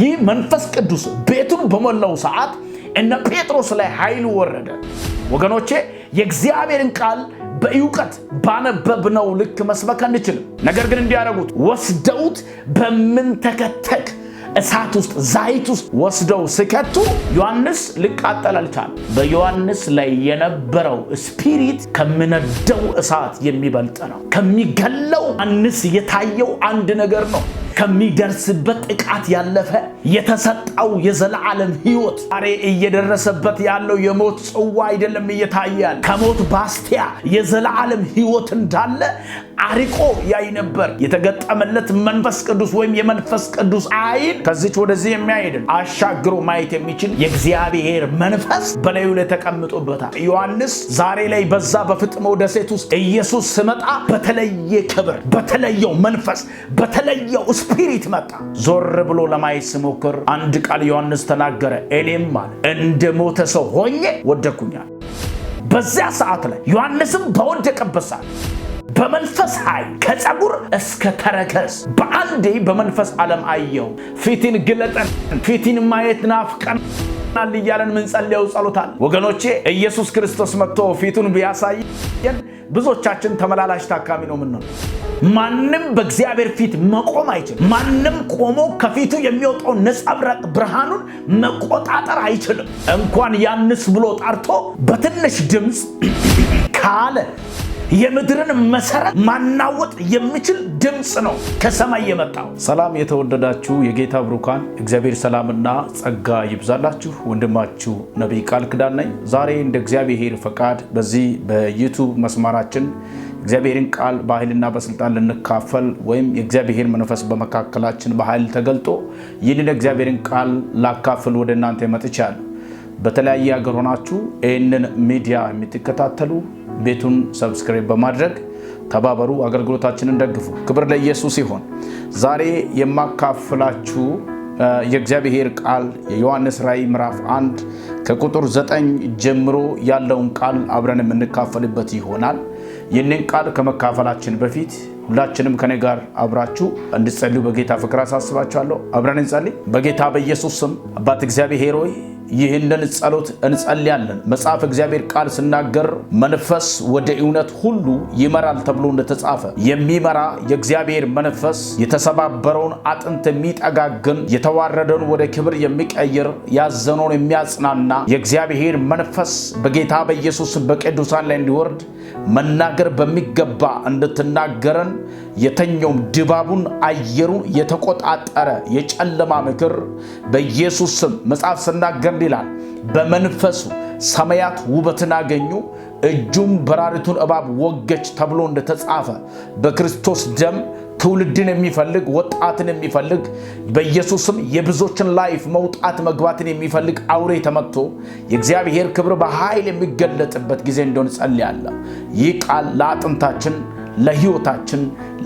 ይህ መንፈስ ቅዱስ ቤቱን በሞላው ሰዓት እነ ጴጥሮስ ላይ ኃይሉ ወረደ። ወገኖቼ የእግዚአብሔርን ቃል በእውቀት ባነበብነው ልክ መስበክ አንችልም። ነገር ግን እንዲያደርጉት ወስደውት በምንተከተክ እሳት ውስጥ ዛይት ውስጥ ወስደው ስከቱ ዮሐንስ ሊቃጠል አልቻለም። በዮሐንስ ላይ የነበረው ስፒሪት ከምነደው እሳት የሚበልጥ ነው። ከሚገለው ዮሐንስ የታየው አንድ ነገር ነው። ከሚደርስበት ጥቃት ያለፈ የተሰጠው የዘላለም ህይወት ዛሬ እየደረሰበት ያለው የሞት ጽዋ አይደለም እየታያል። ከሞት ባስቲያ የዘላለም ህይወት እንዳለ አሪቆ ያይ ነበር። የተገጠመለት መንፈስ ቅዱስ ወይም የመንፈስ ቅዱስ አይን ከዚች ወደዚህ የሚያሄድን አሻግሮ ማየት የሚችል የእግዚአብሔር መንፈስ በላዩ ላይ ተቀምጦበታል። ዮሐንስ ዛሬ ላይ በዛ በፍጥሞ ደሴት ውስጥ ኢየሱስ ስመጣ በተለየ ክብር፣ በተለየው መንፈስ፣ በተለየው ስፒሪት መጣ። ዞር ብሎ ለማየት ስሞክር አንድ ቃል ዮሐንስ ተናገረ። ኤሌም አለ እንደ ሞተ ሰው ሆኜ ወደኩኛል። በዚያ ሰዓት ላይ ዮሐንስም በወደቀበት ሰዓት በመንፈስ ኃይል ከፀጉር እስከ ተረከዝ በአንዴ በመንፈስ ዓለም አየው። ፊትን ግለጠን፣ ፊትን ማየት ናፍቀን ይሆናል እያለን ምንጸልየው ጸሎታል። ወገኖቼ ኢየሱስ ክርስቶስ መጥቶ ፊቱን ቢያሳየን ብዙዎቻችን ተመላላሽ ታካሚ ነው ምንሆነ ማንም በእግዚአብሔር ፊት መቆም አይችልም። ማንም ቆሞ ከፊቱ የሚወጣው ነጸብራቅ ብርሃኑን መቆጣጠር አይችልም። እንኳን ያንስ ብሎ ጣርቶ በትንሽ ድምፅ ካለ የምድርን መሰረት ማናወጥ የሚችል ድምፅ ነው ከሰማይ የመጣው። ሰላም የተወደዳችሁ የጌታ ብሩካን እግዚአብሔር ሰላምና ጸጋ ይብዛላችሁ። ወንድማችሁ ነቢይ ቃል ክዳን ነኝ። ዛሬ እንደ እግዚአብሔር ፈቃድ በዚህ በዩቱብ መስመራችን እግዚአብሔርን ቃል በኃይልና በስልጣን ልንካፈል ወይም የእግዚአብሔር መንፈስ በመካከላችን በኃይል ተገልጦ ይህንን እግዚአብሔርን ቃል ላካፍል ወደ እናንተ መጥቻለሁ። በተለያየ ሀገር ሆናችሁ ይህንን ሚዲያ የምትከታተሉ ቤቱን ሰብስክራይብ በማድረግ ተባበሩ፣ አገልግሎታችንን ደግፉ። ክብር ለኢየሱስ ይሆን። ዛሬ የማካፍላችሁ የእግዚአብሔር ቃል የዮሐንስ ራእይ ምዕራፍ 1 ከቁጥር 9 ጀምሮ ያለውን ቃል አብረን የምንካፈልበት ይሆናል። ይህንን ቃል ከመካፈላችን በፊት ሁላችንም ከኔ ጋር አብራችሁ እንድትጸልዩ በጌታ ፍቅር አሳስባችኋለሁ። አብረን እንጸልይ። በጌታ በኢየሱስ ስም አባት እግዚአብሔር ሆይ ይህንን ጸሎት እንጸልያለን። መጽሐፍ እግዚአብሔር ቃል ስናገር መንፈስ ወደ እውነት ሁሉ ይመራል ተብሎ እንደተጻፈ የሚመራ የእግዚአብሔር መንፈስ የተሰባበረውን አጥንት የሚጠጋግን፣ የተዋረደውን ወደ ክብር የሚቀይር፣ ያዘነውን የሚያጽናና የእግዚአብሔር መንፈስ በጌታ በኢየሱስ በቅዱሳን ላይ እንዲወርድ መናገር በሚገባ እንድትናገረን የተኛውም ድባቡን አየሩን የተቆጣጠረ የጨለማ ምክር በኢየሱስ ስም መጽሐፍ ስናገር እንዲላል በመንፈሱ ሰማያት ውበትን አገኙ እጁም በራሪቱን እባብ ወገች ተብሎ እንደተጻፈ በክርስቶስ ደም ትውልድን የሚፈልግ ወጣትን የሚፈልግ በኢየሱስም የብዙዎችን ላይፍ መውጣት መግባትን የሚፈልግ አውሬ ተመትቶ የእግዚአብሔር ክብር በኃይል የሚገለጥበት ጊዜ እንደሆነ ጸልያለሁ። ይህ ቃል ለአጥንታችን፣ ለሕይወታችን፣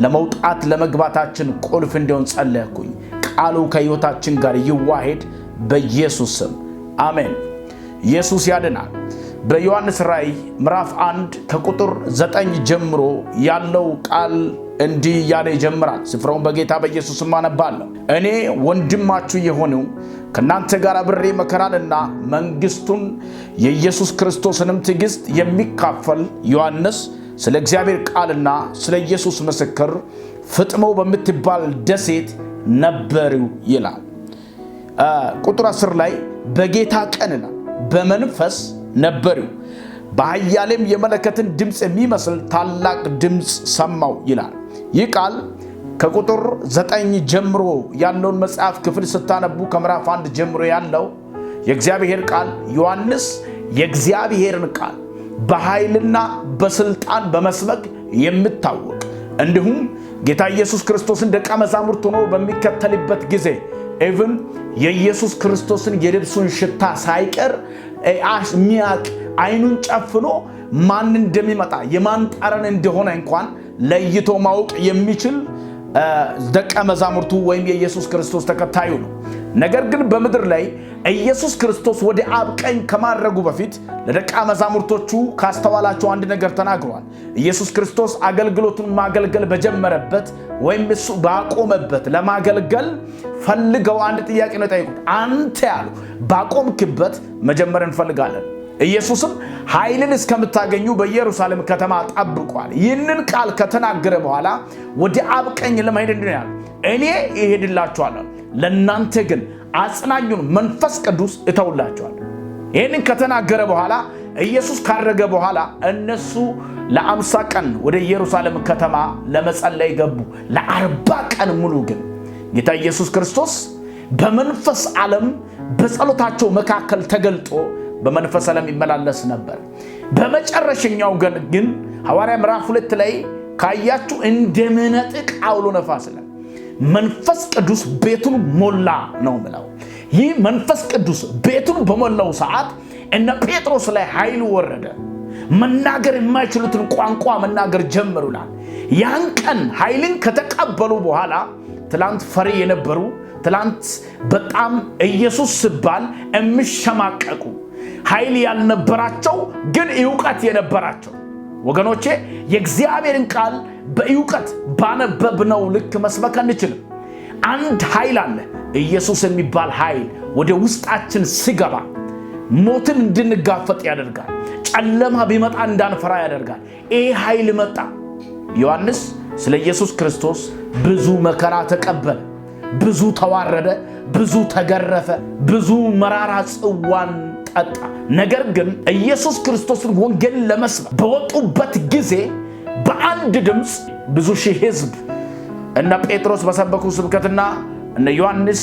ለመውጣት ለመግባታችን ቁልፍ እንዲሆን ጸለያኩኝ። ቃሉ ከሕይወታችን ጋር ይዋሄድ በኢየሱስም ስም አሜን። ኢየሱስ ያድናል። በዮሐንስ ራእይ ምዕራፍ 1 ከቁጥር 9 ጀምሮ ያለው ቃል እንዲህ እያለ ይጀምራል። ስፍራውን በጌታ በኢየሱስ አነባለሁ። እኔ ወንድማችሁ የሆነው ከእናንተ ጋር ብሬ መከራንና መንግስቱን የኢየሱስ ክርስቶስንም ትግስት የሚካፈል ዮሐንስ ስለ እግዚአብሔር ቃልና ስለ ኢየሱስ ምስክር ፍጥሞ በምትባል ደሴት ነበሩ ይላል። ቁጥር አስር ላይ በጌታ ቀንና በመንፈስ ነበሩ፣ በኃያሌም የመለከትን ድምፅ የሚመስል ታላቅ ድምፅ ሰማው ይላል። ይህ ቃል ከቁጥር ዘጠኝ ጀምሮ ያለውን መጽሐፍ ክፍል ስታነቡ ከምዕራፍ አንድ ጀምሮ ያለው የእግዚአብሔር ቃል ዮሐንስ የእግዚአብሔርን ቃል በኃይልና በስልጣን በመስበክ የምታወቅ እንዲሁም ጌታ ኢየሱስ ክርስቶስን ደቀ መዛሙርት ሆኖ በሚከተልበት ጊዜ ኢቭን የኢየሱስ ክርስቶስን የልብሱን ሽታ ሳይቀር ሚያቅ አይኑን ጨፍኖ ማን እንደሚመጣ የማን ጠረን እንደሆነ እንኳን ለይቶ ማወቅ የሚችል ደቀ መዛሙርቱ ወይም የኢየሱስ ክርስቶስ ተከታዩ ነው። ነገር ግን በምድር ላይ ኢየሱስ ክርስቶስ ወደ አብ ቀኝ ከማድረጉ በፊት ለደቀ መዛሙርቶቹ ካስተዋላቸው አንድ ነገር ተናግሯል። ኢየሱስ ክርስቶስ አገልግሎቱን ማገልገል በጀመረበት ወይም እሱ ባቆመበት ለማገልገል ፈልገው አንድ ጥያቄ ነው የጠየቁት። አንተ ያሉ ባቆምክበት መጀመር እንፈልጋለን። ኢየሱስም ኃይልን እስከምታገኙ በኢየሩሳሌም ከተማ ጠብቋል። ይህንን ቃል ከተናገረ በኋላ ወደ አብ ቀኝ ለመሄድ እንዲህ ያለ እኔ ይሄድላችኋለሁ፣ ለእናንተ ግን አጽናኙን መንፈስ ቅዱስ እተውላችኋለሁ። ይህንን ከተናገረ በኋላ ኢየሱስ ካረገ በኋላ እነሱ ለአምሳ ቀን ወደ ኢየሩሳሌም ከተማ ለመጸለይ ገቡ። ለአርባ ቀን ሙሉ ግን ጌታ ኢየሱስ ክርስቶስ በመንፈስ ዓለም በጸሎታቸው መካከል ተገልጦ በመንፈስ ዓለም ይመላለስ ነበር። በመጨረሻኛው ቀን ግን ሐዋርያ ምዕራፍ ሁለት ላይ ካያችሁ እንደሚነጥቅ አውሎ ነፋስ ላይ መንፈስ ቅዱስ ቤቱን ሞላ ነው ምለው። ይህ መንፈስ ቅዱስ ቤቱን በሞላው ሰዓት እነ ጴጥሮስ ላይ ኃይሉ ወረደ። መናገር የማይችሉትን ቋንቋ መናገር ጀመሩላል። ያን ቀን ኃይልን ከተቀበሉ በኋላ ትላንት ፈሪ የነበሩ ትላንት በጣም ኢየሱስ ሲባል የሚሸማቀቁ ኃይል ያልነበራቸው ግን እውቀት የነበራቸው ወገኖቼ፣ የእግዚአብሔርን ቃል በእውቀት ባነበብነው ልክ መስበክ አንችልም። አንድ ኃይል አለ፣ ኢየሱስ የሚባል ኃይል ወደ ውስጣችን ሲገባ ሞትን እንድንጋፈጥ ያደርጋል። ጨለማ ቢመጣ እንዳንፈራ ያደርጋል። ይሄ ኃይል መጣ። ዮሐንስ ስለ ኢየሱስ ክርስቶስ ብዙ መከራ ተቀበለ፣ ብዙ ተዋረደ፣ ብዙ ተገረፈ፣ ብዙ መራራ ጽዋን ጠጣ። ነገር ግን ኢየሱስ ክርስቶስን ወንጌል ለመስማት በወጡበት ጊዜ በአንድ ድምፅ ብዙ ሺህ ህዝብ እነ ጴጥሮስ በሰበኩ ስብከትና እነ ዮሐንስ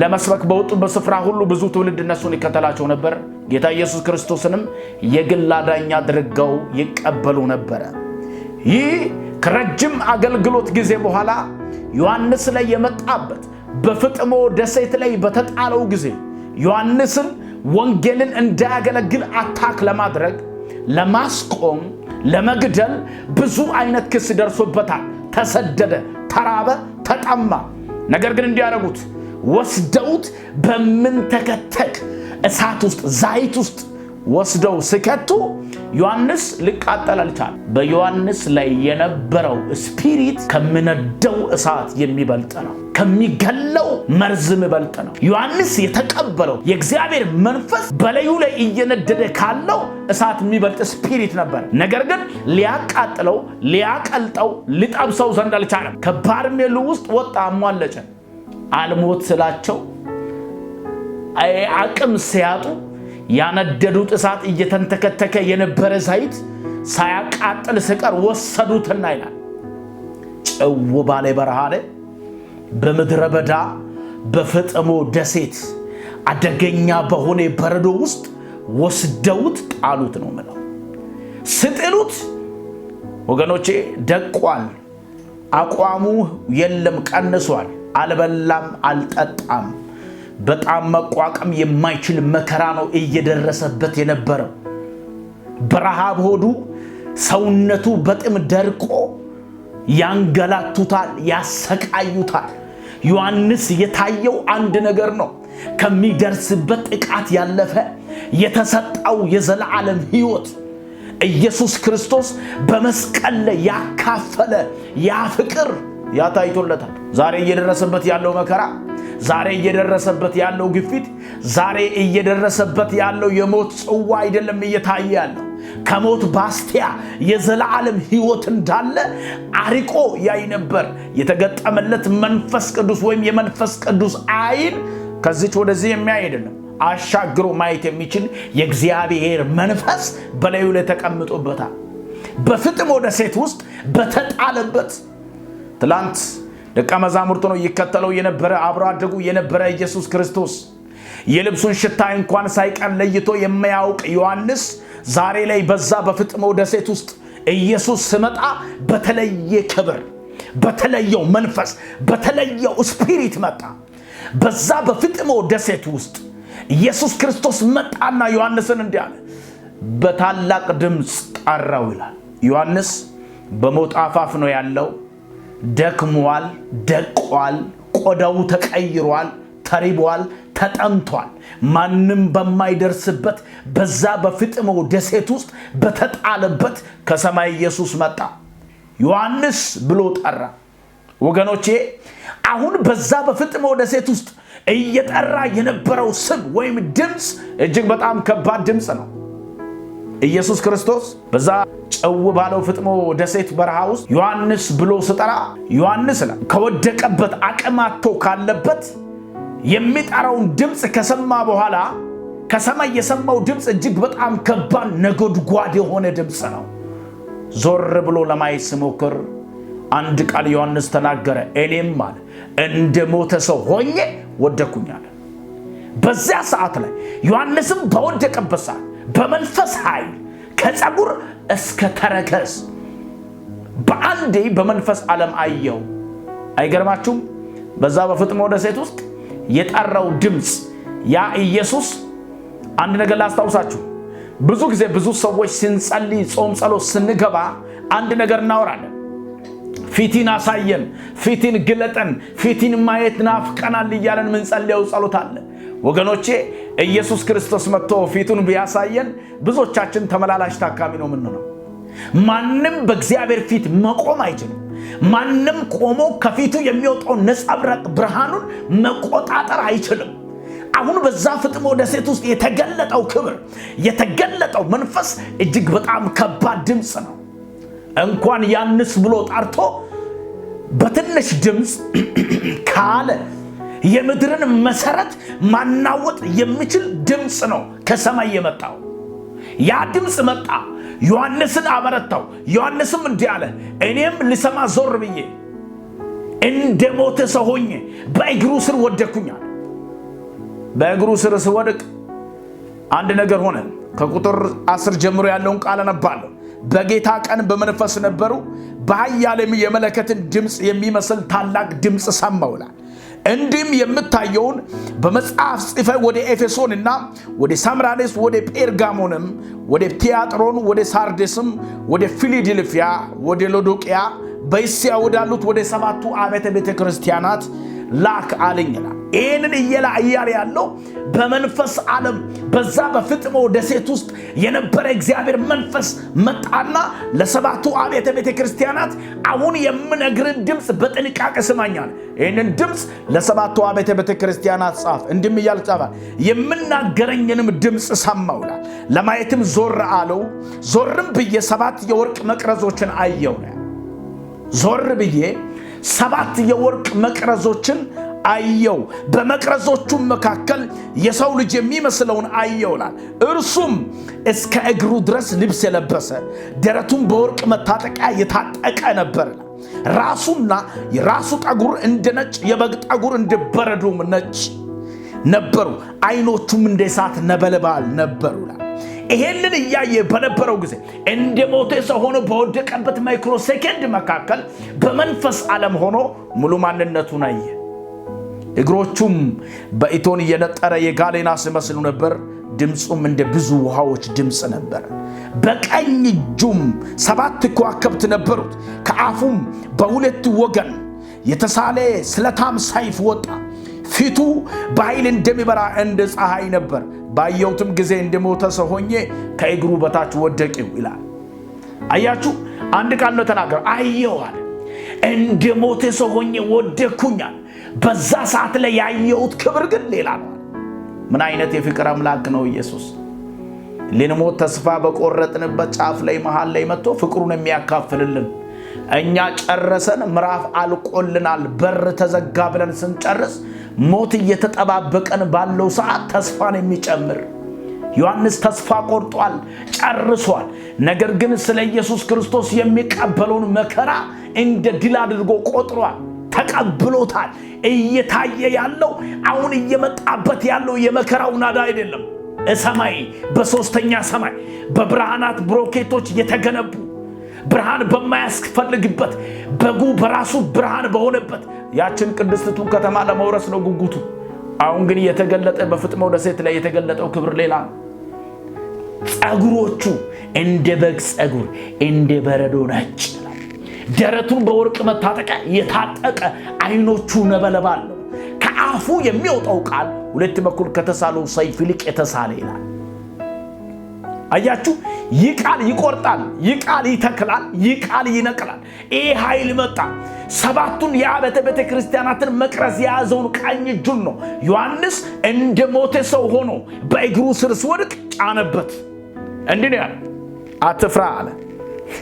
ለመስበክ በወጡበት ስፍራ ሁሉ ብዙ ትውልድ እነሱን ይከተላቸው ነበር። ጌታ ኢየሱስ ክርስቶስንም የግል አዳኝ አድርገው ይቀበሉ ነበረ። ይህ ከረጅም አገልግሎት ጊዜ በኋላ ዮሐንስ ላይ የመጣበት በፍጥሞ ደሴት ላይ በተጣለው ጊዜ ዮሐንስን ወንጌልን እንዳያገለግል አታክ ለማድረግ ለማስቆም፣ ለመግደል ብዙ አይነት ክስ ደርሶበታል። ተሰደደ፣ ተራበ፣ ተጠማ። ነገር ግን እንዲያደረጉት ወስደውት በምንተከተክ እሳት ውስጥ ዛይት ውስጥ ወስደው ሲከቱ ዮሐንስ ሊቃጠል አልቻለም። በዮሐንስ ላይ የነበረው ስፒሪት ከምነደው እሳት የሚበልጥ ነው፣ ከሚገለው መርዝ የሚበልጥ ነው። ዮሐንስ የተቀበለው የእግዚአብሔር መንፈስ በላዩ ላይ እየነደደ ካለው እሳት የሚበልጥ ስፒሪት ነበር። ነገር ግን ሊያቃጥለው፣ ሊያቀልጠው፣ ሊጠብሰው ዘንድ አልቻለም። ከባርሜሉ ውስጥ ወጣ፣ አሟለጨ። አልሞት ስላቸው አቅም ሲያጡ ያነደዱት እሳት እየተንተከተከ የነበረ ዘይት ሳያቃጥል ስቀር ወሰዱትና ይላል። ጭው ባለ በረሃ ላይ በምድረ በዳ በፍጥሞ ደሴት አደገኛ በሆነ በረዶ ውስጥ ወስደውት ጣሉት ነው ምለው። ስጥሉት ወገኖቼ ደቋል። አቋሙ የለም ቀንሷል። አልበላም፣ አልጠጣም። በጣም መቋቋም የማይችል መከራ ነው እየደረሰበት የነበረው። በረሃብ ሆዱ ሰውነቱ በጥም ደርቆ ያንገላቱታል፣ ያሰቃዩታል። ዮሐንስ የታየው አንድ ነገር ነው። ከሚደርስበት ጥቃት ያለፈ የተሰጠው የዘላለም ሕይወት ኢየሱስ ክርስቶስ በመስቀል ላይ ያካፈለ ያ ፍቅር ያታይቶለታል። ዛሬ እየደረሰበት ያለው መከራ ዛሬ እየደረሰበት ያለው ግፊት፣ ዛሬ እየደረሰበት ያለው የሞት ጽዋ አይደለም እየታየ ያለው ከሞት ባስቲያ የዘላለም ሕይወት እንዳለ አሪቆ ያይ ነበር። የተገጠመለት መንፈስ ቅዱስ ወይም የመንፈስ ቅዱስ አይን ከዚች ወደዚህ የሚያይ አሻግሮ ማየት የሚችል የእግዚአብሔር መንፈስ በላዩ ላይ ተቀምጦበታል። በፍጥሞ ደሴት ውስጥ በተጣለበት ትላንት ደቀ መዛሙርት ነው ይከተለው የነበረ አብሮ አደጉ የነበረ ኢየሱስ ክርስቶስ የልብሱን ሽታ እንኳን ሳይቀር ለይቶ የማያውቅ ዮሐንስ ዛሬ ላይ በዛ በፍጥሞ ደሴት ውስጥ ኢየሱስ ስመጣ በተለየ ክብር፣ በተለየው መንፈስ፣ በተለየው ስፒሪት መጣ። በዛ በፍጥሞ ደሴት ውስጥ ኢየሱስ ክርስቶስ መጣና ዮሐንስን እንዲህ አለ፣ በታላቅ ድምፅ ጠራው ይላል። ዮሐንስ በሞት አፋፍ ነው ያለው። ደክሟል፣ ደቋል፣ ቆዳው ተቀይሯል፣ ተሪቧል፣ ተጠምቷል። ማንም በማይደርስበት በዛ በፍጥሞ ደሴት ውስጥ በተጣለበት ከሰማይ ኢየሱስ መጣ፣ ዮሐንስ ብሎ ጠራ። ወገኖቼ አሁን በዛ በፍጥሞ ደሴት ውስጥ እየጠራ የነበረው ስም ወይም ድምፅ እጅግ በጣም ከባድ ድምፅ ነው። ኢየሱስ ክርስቶስ በዛ ጨው ባለው ፍጥሞ ደሴት በረሃ ውስጥ ዮሐንስ ብሎ ስጠራ ዮሐንስ ከወደቀበት አቅማቶ ካለበት የሚጠራውን ድምፅ ከሰማ በኋላ ከሰማይ የሰማው ድምፅ እጅግ በጣም ከባድ ነጎድጓድ የሆነ ድምፅ ነው። ዞር ብሎ ለማየት ሲሞክር አንድ ቃል ዮሐንስ ተናገረ። እኔም አለ እንደ ሞተ ሰው ሆኜ ወደኩኛል። በዚያ ሰዓት ላይ ዮሐንስም በወደቀበት ሰዓት በመንፈስ ኃይል ከፀጉር እስከ ተረከዝ በአንዴ በመንፈስ ዓለም አየው። አይገርማችሁም? በዛ በፍጥሞ ደሴት ውስጥ የጠራው ድምፅ ያ ኢየሱስ። አንድ ነገር ላስታውሳችሁ፣ ብዙ ጊዜ ብዙ ሰዎች ስንጸልይ፣ ጾም፣ ጸሎት ስንገባ አንድ ነገር እናወራለን። ፊትን አሳየን፣ ፊትን ግለጠን፣ ፊትን ማየት ናፍቀናል እያለን ምንጸልየው ጸሎት አለ። ወገኖቼ ኢየሱስ ክርስቶስ መጥቶ ፊቱን ቢያሳየን ብዙዎቻችን ተመላላሽ ታካሚ ነው የምንለው። ማንም በእግዚአብሔር ፊት መቆም አይችልም። ማንም ቆሞ ከፊቱ የሚወጣው ነጸብራቅ ብርሃኑን መቆጣጠር አይችልም። አሁን በዛ ፍጥሞ ደሴት ውስጥ የተገለጠው ክብር የተገለጠው መንፈስ እጅግ በጣም ከባድ ድምፅ ነው። እንኳን ያንስ ብሎ ጣርቶ በትንሽ ድምፅ ካለ የምድርን መሰረት ማናወጥ የሚችል ድምፅ ነው ከሰማይ የመጣው። ያ ድምፅ መጣ፣ ዮሐንስን አበረታው። ዮሐንስም እንዲህ አለ፣ እኔም ልሰማ ዞር ብዬ እንደ ሞተ ሰው ሆኜ በእግሩ ስር ወደኩኛል። በእግሩ ስር ስወድቅ አንድ ነገር ሆነ። ከቁጥር አስር ጀምሮ ያለውን ቃል አነባለሁ። በጌታ ቀን በመንፈስ ነበሩ፣ በኃያልም የመለከትን ድምፅ የሚመስል ታላቅ ድምፅ ሰማሁ ይላል። እንዲህም የምታየውን በመጽሐፍ ጽፈ ወደ ኤፌሶንና ወደ ሳምራኔስ ወደ ጴርጋሞንም ወደ ቲያጥሮን ወደ ሳርዴስም ወደ ፊሊድልፊያ ወደ ሎዶቅያ በእስያ ወዳሉት ወደ ሰባቱ አብያተ ቤተ ክርስቲያናት ላክ አለኝ ይላል። ይህንን እየላ እያለ ያለው በመንፈስ ዓለም በዛ በፍጥሞ ደሴት ውስጥ የነበረ እግዚአብሔር መንፈስ መጣና ለሰባቱ አብያተ ቤተ ክርስቲያናት አሁን የምነግርን ድምፅ በጥንቃቄ ስማኛል። ይህንን ድምፅ ለሰባቱ አብያተ ቤተ ክርስቲያናት ጻፍ፣ እንዲህም እያል ጻፈ። የምናገረኝንም ድምፅ ሰማሁ ይላል። ለማየትም ዞር አለው። ዞርም ብዬ ሰባት የወርቅ መቅረዞችን አየሁ። ዞር ብዬ ሰባት የወርቅ መቅረዞችን አየው በመቅረዞቹም መካከል የሰው ልጅ የሚመስለውን አየውላል። እርሱም እስከ እግሩ ድረስ ልብስ የለበሰ ደረቱም በወርቅ መታጠቂያ የታጠቀ ነበር። ራሱና የራሱ ጠጉር እንደ ነጭ የበግ ጠጉር እንደ በረዶም ነጭ ነበሩ። ዓይኖቹም እንደ እሳት ነበልባል ነበሩ ይሄንን እያየ በነበረው ጊዜ እንደ ሞተ ሰው ሆኖ በወደቀበት ማይክሮ ሴኬንድ መካከል በመንፈስ ዓለም ሆኖ ሙሉ ማንነቱን አየ። እግሮቹም በኢቶን እየነጠረ የጋሌና ሲመስሉ ነበር። ድምፁም እንደ ብዙ ውሃዎች ድምፅ ነበር። በቀኝ እጁም ሰባት ከዋክብት ነበሩት። ከአፉም በሁለት ወገን የተሳለ ስለታም ሰይፍ ወጣ። ፊቱ በኃይል እንደሚበራ እንደ ፀሐይ ነበር። ባየሁትም ጊዜ እንደሞተ ሰው ሆኜ ከእግሩ በታች ወደቂው ይላል። አያችሁ፣ አንድ ቃል ነው ተናገረ። አየዋል እንደ ሞተ ሰው ሆኜ ወደኩኛል። በዛ ሰዓት ላይ ያየሁት ክብር ግን ሌላ ነው። ምን አይነት የፍቅር አምላክ ነው ኢየሱስ! ልንሞት ተስፋ በቆረጥንበት ጫፍ ላይ መሃል ላይ መጥቶ ፍቅሩን የሚያካፍልልን እኛ ጨረሰን፣ ምዕራፍ አልቆልናል፣ በር ተዘጋ ብለን ስንጨርስ ሞት እየተጠባበቀን ባለው ሰዓት ተስፋን የሚጨምር ዮሐንስ ተስፋ ቆርጧል፣ ጨርሷል። ነገር ግን ስለ ኢየሱስ ክርስቶስ የሚቀበለውን መከራ እንደ ድል አድርጎ ቆጥሯል፣ ተቀብሎታል። እየታየ ያለው አሁን እየመጣበት ያለው የመከራው ናዳ አይደለም። ሰማይ በሦስተኛ ሰማይ በብርሃናት ብሮኬቶች የተገነቡ ብርሃን በማያስፈልግበት በጉ በራሱ ብርሃን በሆነበት ያችን ቅድስቲቱን ከተማ ለመውረስ ነው ጉጉቱ። አሁን ግን የተገለጠ በፍጥሞ ደሴት ላይ የተገለጠው ክብር ሌላ ነው። ጸጉሮቹ እንደ በግ ጸጉር እንደ በረዶ ነጭ፣ ደረቱን በወርቅ መታጠቂያ የታጠቀ አይኖቹ ነበልባል ነው። ከአፉ የሚወጣው ቃል ሁለት በኩል ከተሳለው ሰይፍ ይልቅ የተሳለ ይላል። አያችሁ፣ ይህ ቃል ይቆርጣል፣ ይህ ቃል ይተክላል፣ ይህ ቃል ይነቅላል። ይህ ኃይል መጣ። ሰባቱን የአብያተ ቤተ ክርስቲያናትን መቅረዝ የያዘውን ቀኝ እጁን ነው። ዮሐንስ እንደ ሞተ ሰው ሆኖ በእግሩ ስር ስወድቅ ጫነበት። እንዲህ ነው ያለ፣ አትፍራ አለ።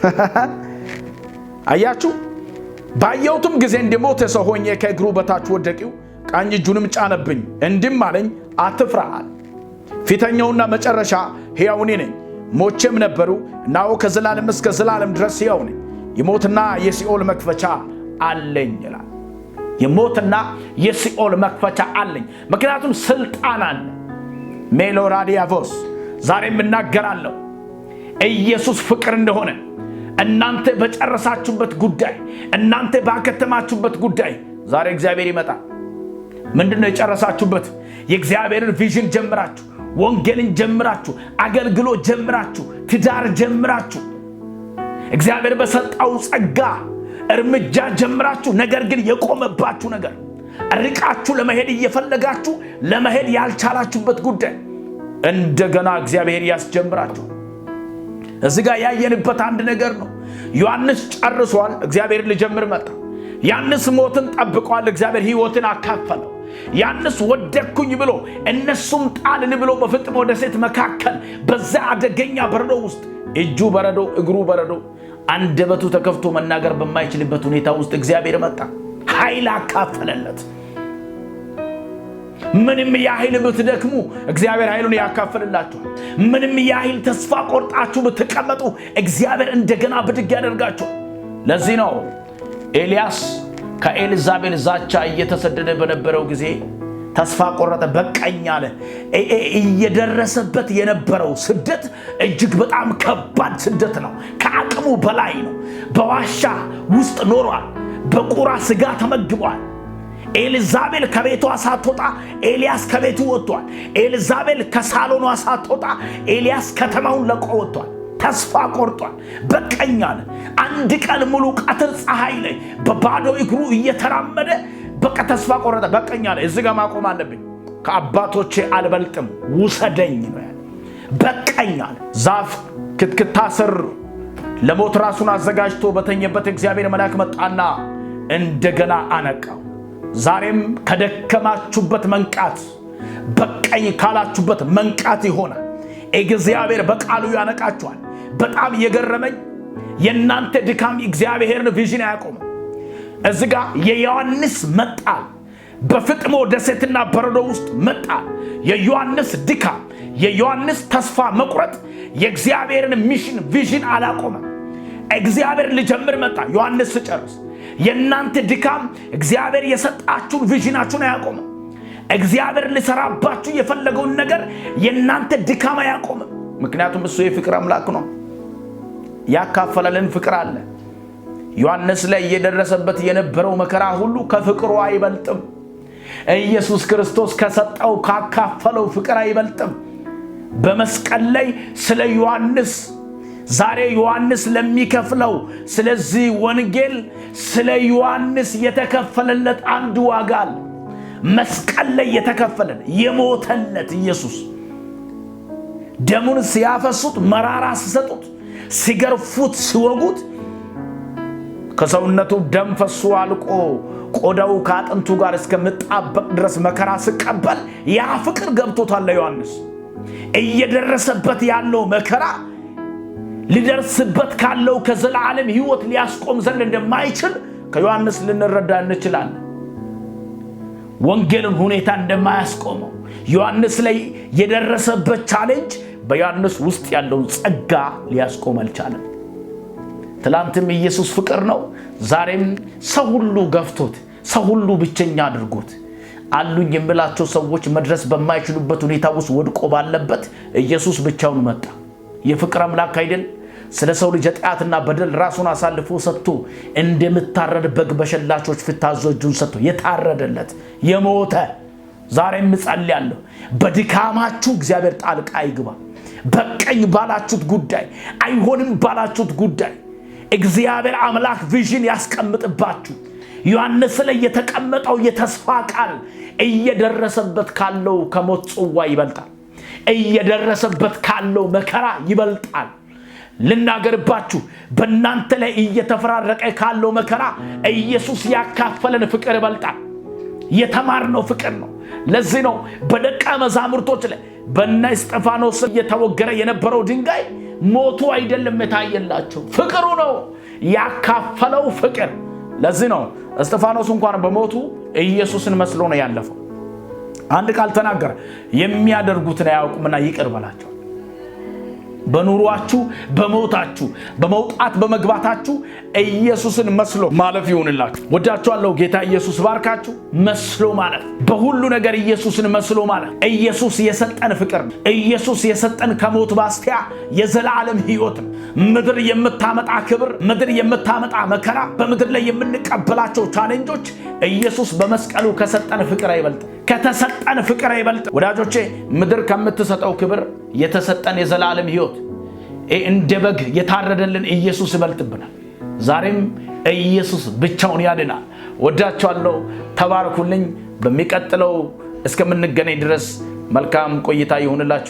አያችሁ፣ ባየሁትም ጊዜ እንደ ሞተ ሰው ሆኜ ከእግሩ በታች ወደቂው፣ ቀኝ እጁንም ጫነብኝ፣ እንዲህም አለኝ፣ አትፍራ አለ። ፊተኛውና መጨረሻ ሕያው እኔ ነኝ ሞቼም ነበሩ፣ እናው ከዘላለም እስከ ዘላለም ድረስ ሕያው ነኝ፣ የሞትና የሲኦል መክፈቻ አለኝ ይላል። የሞትና የሲኦል መክፈቻ አለኝ። ምክንያቱም ስልጣን አለ። ሜሎራዲያቮስ ዛሬ ዛሬም ኢየሱስ ፍቅር እንደሆነ እናንተ በጨረሳችሁበት ጉዳይ፣ እናንተ ባከተማችሁበት ጉዳይ ዛሬ እግዚአብሔር ይመጣል። ምንድን ነው የጨረሳችሁበት? የእግዚአብሔርን ቪዥን ጀምራችሁ ወንጌልን ጀምራችሁ፣ አገልግሎት ጀምራችሁ፣ ትዳር ጀምራችሁ፣ እግዚአብሔር በሰጣው ጸጋ እርምጃ ጀምራችሁ፣ ነገር ግን የቆመባችሁ ነገር ርቃችሁ ለመሄድ እየፈለጋችሁ ለመሄድ ያልቻላችሁበት ጉዳይ እንደገና እግዚአብሔር ያስጀምራችሁ። እዚህ ጋር ያየንበት አንድ ነገር ነው። ዮሐንስ ጨርሷል፣ እግዚአብሔር ልጀምር መጣ። ዮሐንስ ሞትን ጠብቋል፣ እግዚአብሔር ሕይወትን አካፈለው። ያንስ ወደኩኝ ብሎ እነሱም ጣልን ብሎ በፍጥሞ ደሴት መካከል በዛ አደገኛ በረዶ ውስጥ እጁ በረዶ፣ እግሩ በረዶ፣ አንደበቱ ተከፍቶ መናገር በማይችልበት ሁኔታ ውስጥ እግዚአብሔር መጣ፣ ኃይል አካፈለለት። ምንም ያህል ብትደክሙ እግዚአብሔር ኃይሉን ያካፍልላችኋል። ምንም ያህል ተስፋ ቆርጣችሁ ብትቀመጡ እግዚአብሔር እንደገና ብድግ ያደርጋችኋል። ለዚህ ነው ኤልያስ ከኤልዛቤል ዛቻ እየተሰደደ በነበረው ጊዜ ተስፋ ቆረጠ፣ በቃኝ አለ። እየደረሰበት የነበረው ስደት እጅግ በጣም ከባድ ስደት ነው። ከአቅሙ በላይ ነው። በዋሻ ውስጥ ኖሯል። በቁራ ስጋ ተመግቧል። ኤልዛቤል ከቤቷ ሳትወጣ ኤልያስ ከቤቱ ወጥቷል። ኤልዛቤል ከሳሎኗ ሳትወጣ ኤልያስ ከተማውን ለቆ ወጥቷል። ተስፋ ቆርጧል። በቀኝ አንድ ቀን ሙሉ ቀትር ፀሐይ ላይ በባዶ እግሩ እየተራመደ በቃ ተስፋ ቆረጠ። በቀኝ እዚህ ጋር ማቆም አለብኝ። ከአባቶቼ አልበልጥም ውሰደኝ ነው ያለ። በቀኝ ዛፍ ክትክታ ስር ለሞት ራሱን አዘጋጅቶ በተኘበት እግዚአብሔር መልአክ መጣና እንደገና አነቃው። ዛሬም ከደከማችሁበት መንቃት በቀኝ ካላችሁበት መንቃት ይሆናል። እግዚአብሔር በቃሉ ያነቃችኋል። በጣም የገረመኝ የእናንተ ድካም እግዚአብሔርን ቪዥን አያቆም። እዚ ጋ የዮሐንስ መጣል በፍጥሞ ደሴትና በረዶ ውስጥ መጣል፣ የዮሐንስ ድካም፣ የዮሐንስ ተስፋ መቁረጥ የእግዚአብሔርን ሚሽን ቪዥን አላቆመም። እግዚአብሔር ልጀምር መጣ፣ ዮሐንስ ስጨርስ። የእናንተ ድካም እግዚአብሔር የሰጣችሁን ቪዥናችሁን አያቆምም። እግዚአብሔር ሊሰራባችሁ የፈለገውን ነገር የእናንተ ድካም አያቆምም። ምክንያቱም እሱ የፍቅር አምላክ ነው። ያካፈለልን ፍቅር አለ። ዮሐንስ ላይ እየደረሰበት የነበረው መከራ ሁሉ ከፍቅሩ አይበልጥም። ኢየሱስ ክርስቶስ ከሰጠው ካካፈለው ፍቅር አይበልጥም። በመስቀል ላይ ስለ ዮሐንስ ዛሬ ዮሐንስ ለሚከፍለው ስለዚህ ወንጌል ስለ ዮሐንስ የተከፈለለት አንድ ዋጋ አለ። መስቀል ላይ የተከፈለን የሞተለት ኢየሱስ ደሙን ሲያፈሱት መራራ ሲሰጡት ሲገርፉት፣ ሲወጉት ከሰውነቱ ደም ፈሶ አልቆ ቆዳው ከአጥንቱ ጋር እስከምጣበቅ ድረስ መከራ ሲቀበል ያ ፍቅር ገብቶታል ለዮሐንስ። እየደረሰበት ያለው መከራ ሊደርስበት ካለው ከዘላለም ሕይወት ሊያስቆም ዘንድ እንደማይችል ከዮሐንስ ልንረዳ እንችላለን። ወንጌልን ሁኔታ እንደማያስቆመው ዮሐንስ ላይ የደረሰበት ቻሌንጅ በዮሐንስ ውስጥ ያለውን ጸጋ ሊያስቆም አልቻለም። ትላንትም ኢየሱስ ፍቅር ነው። ዛሬም ሰው ሁሉ ገፍቶት፣ ሰው ሁሉ ብቸኛ አድርጎት አሉኝ የሚላቸው ሰዎች መድረስ በማይችሉበት ሁኔታ ውስጥ ወድቆ ባለበት ኢየሱስ ብቻውን መጣ። የፍቅር አምላክ አይደል? ስለ ሰው ልጅ ኃጢአትና በደል ራሱን አሳልፎ ሰጥቶ እንደምታረድ በግ በሸላቾች ፊት ታዞ እጁን ሰጥቶ የታረደለት የሞተ ዛሬም እጸልያለሁ፣ በድካማችሁ እግዚአብሔር ጣልቃ ይግባ። በቀኝ ባላችሁት ጉዳይ፣ አይሆንም ባላችሁት ጉዳይ እግዚአብሔር አምላክ ቪዥን ያስቀምጥባችሁ። ዮሐንስ ላይ የተቀመጠው የተስፋ ቃል እየደረሰበት ካለው ከሞት ጽዋ ይበልጣል። እየደረሰበት ካለው መከራ ይበልጣል። ልናገርባችሁ፣ በእናንተ ላይ እየተፈራረቀ ካለው መከራ ኢየሱስ ያካፈለን ፍቅር ይበልጣል። የተማርነው ፍቅር ነው። ለዚህ ነው በደቀ መዛሙርቶች ላይ በነ እስጢፋኖስ እየተወገረ የነበረው ድንጋይ ሞቱ አይደለም የታየላቸው፣ ፍቅሩ ነው ያካፈለው ፍቅር። ለዚህ ነው እስጢፋኖስ እንኳን በሞቱ ኢየሱስን መስሎ ነው ያለፈው። አንድ ቃል ተናገረ፣ የሚያደርጉትን አያውቁምና ይቅር በላቸው። በኑሯችሁ በመውታችሁ በመውጣት በመግባታችሁ ኢየሱስን መስሎ ማለፍ ይሆንላችሁ። ወዳችኋለሁ። ጌታ ኢየሱስ ባርካችሁ። መስሎ ማለፍ፣ በሁሉ ነገር ኢየሱስን መስሎ ማለፍ። ኢየሱስ የሰጠን ፍቅር ነው። ኢየሱስ የሰጠን ከሞት ባስቲያ የዘላለም ሕይወት ነው። ምድር የምታመጣ ክብር፣ ምድር የምታመጣ መከራ፣ በምድር ላይ የምንቀበላቸው ቻሌንጆች ኢየሱስ በመስቀሉ ከሰጠን ፍቅር አይበልጥም፣ ከተሰጠን ፍቅር አይበልጥም። ወዳጆቼ ምድር ከምትሰጠው ክብር የተሰጠን የዘላለም ህይወት እንደ በግ የታረደልን ኢየሱስ ይበልጥብናል። ዛሬም ኢየሱስ ብቻውን ያድናል። ወዳችኋለሁ። ተባረኩልኝ። በሚቀጥለው እስከምንገናኝ ድረስ መልካም ቆይታ ይሁንላችሁ።